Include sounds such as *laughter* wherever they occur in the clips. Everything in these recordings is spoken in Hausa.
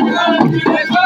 Obrigado, é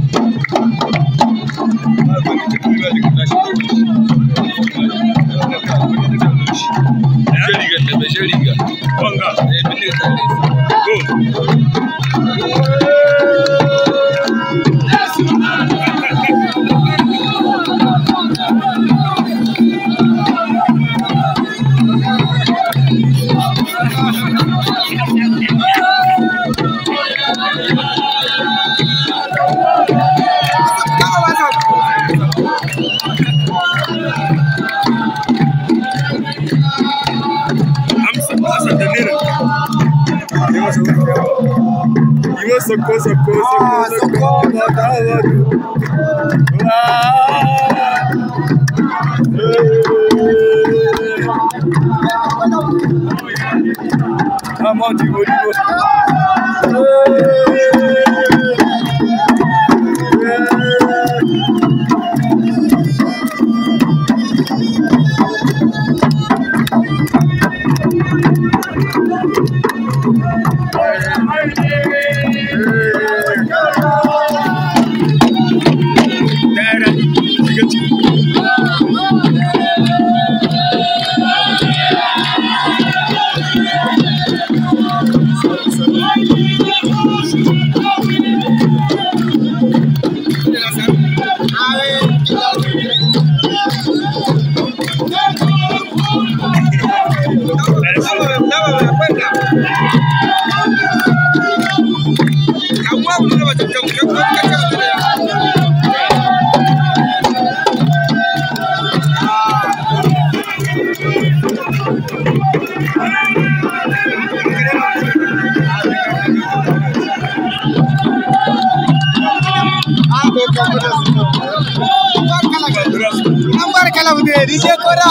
아, 그렇게 들려가지고. Iwa soko soko soko soko madawa. Come on, ah. you would. Number kalau dia DJ Kora.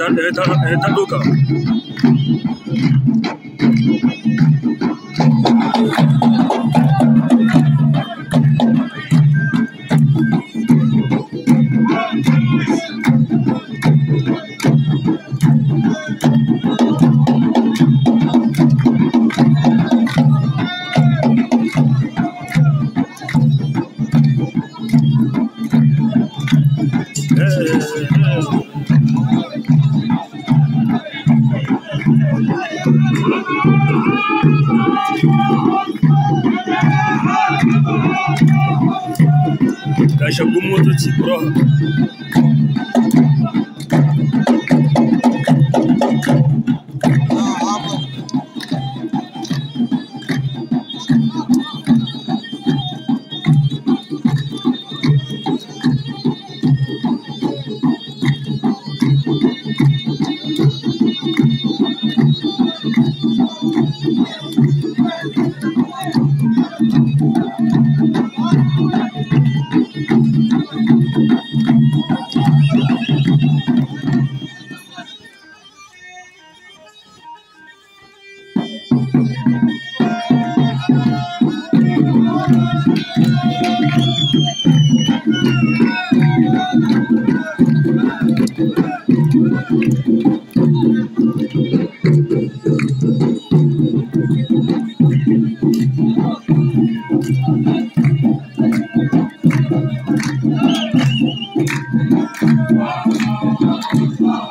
थड्डू का Yeah. шагу motoci bro Thank you.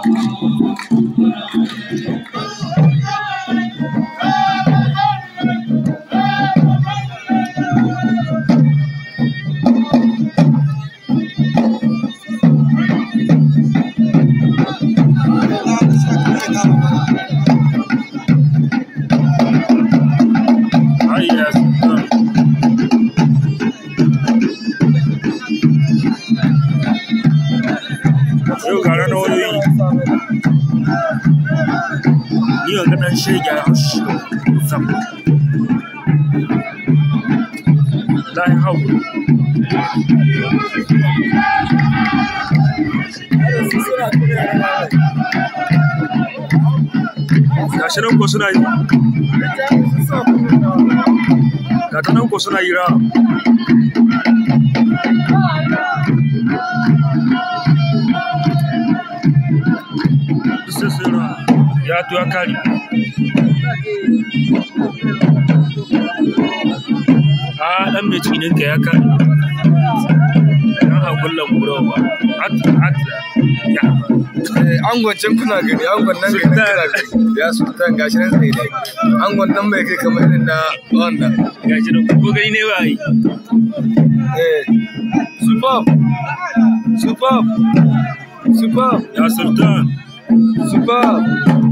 Thank you. дальше я сам. Дай хау. Gashi nan ko suna yi. Gata nan ko suna yi ra. Sisira ya tuwa kari. a dan mai cinin ya ka a kullum ba hatta hatta ya eh, angon can kuna gani angon nan gani ya sultan gashi nan sai dai angon nan kai kamar irin na wanda gashi nan ko gani ne ba yi eh. superb superb superb ya sultan superb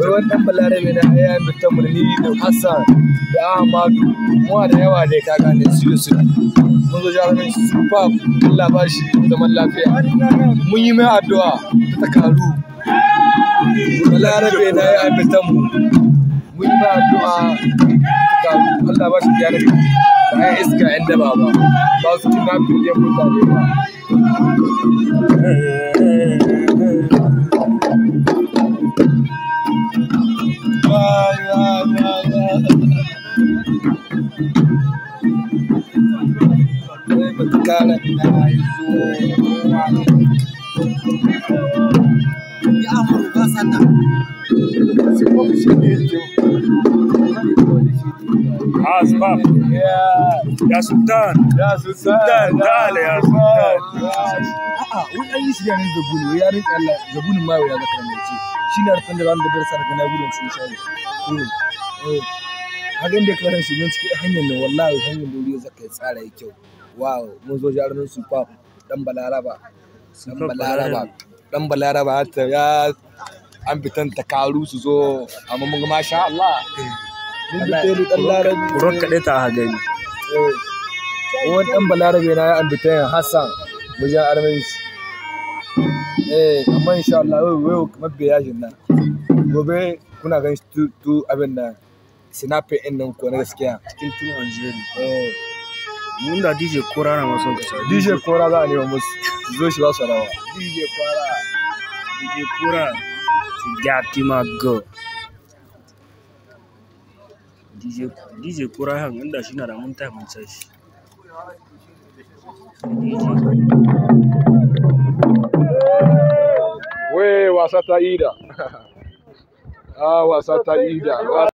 ruwan dan balarabe na aya ta murni da hassan da ahmadu mu da yawa da ka gane su da su mun zo jarumin super Allah ba shi zaman lafiya mun yi mai addu'a ta karu balarabe na ya ta mu mun yi mai addu'a ta karu Allah ba shi gyara da ya iska yan daba ba ba su tunafin da mutane ba Ya Sultan. Ya Sultan. Dale ya Sultan. A'a, wai an yi Allah ma ya mace. Shi ne da wanda darsa daga na gudun sun shawo. Eh. eh. da karan shi ne cikin hanyar da wallahi hanyar da zaka tsara yake. Wow, mun zo jarumin su fa. dan balaraba dan balaraba dan balaraba ta ya an fitan ta karu su zo amma mun ga masha Allah mun fitan dan larabi rot kade ta ha gani eh. wani dan balarabe na ya an fitan Hassan wajen armai shi eh amma insha Allah wai wai mabbe ya jinna gobe kuna ganin tu abin nan sinapin ɗin nan ko na gaskiya cikin tuwon jeri eh mun da DJ Kora na masu kasa. DJ Kora za a nema musu. Zo shi ba su rawa. DJ Kora. DJ Kora. Gati ma go. DJ DJ Kora han inda shi na da mun ta mun sai shi. We wasa ta ida. *laughs* ah wasa ta ida.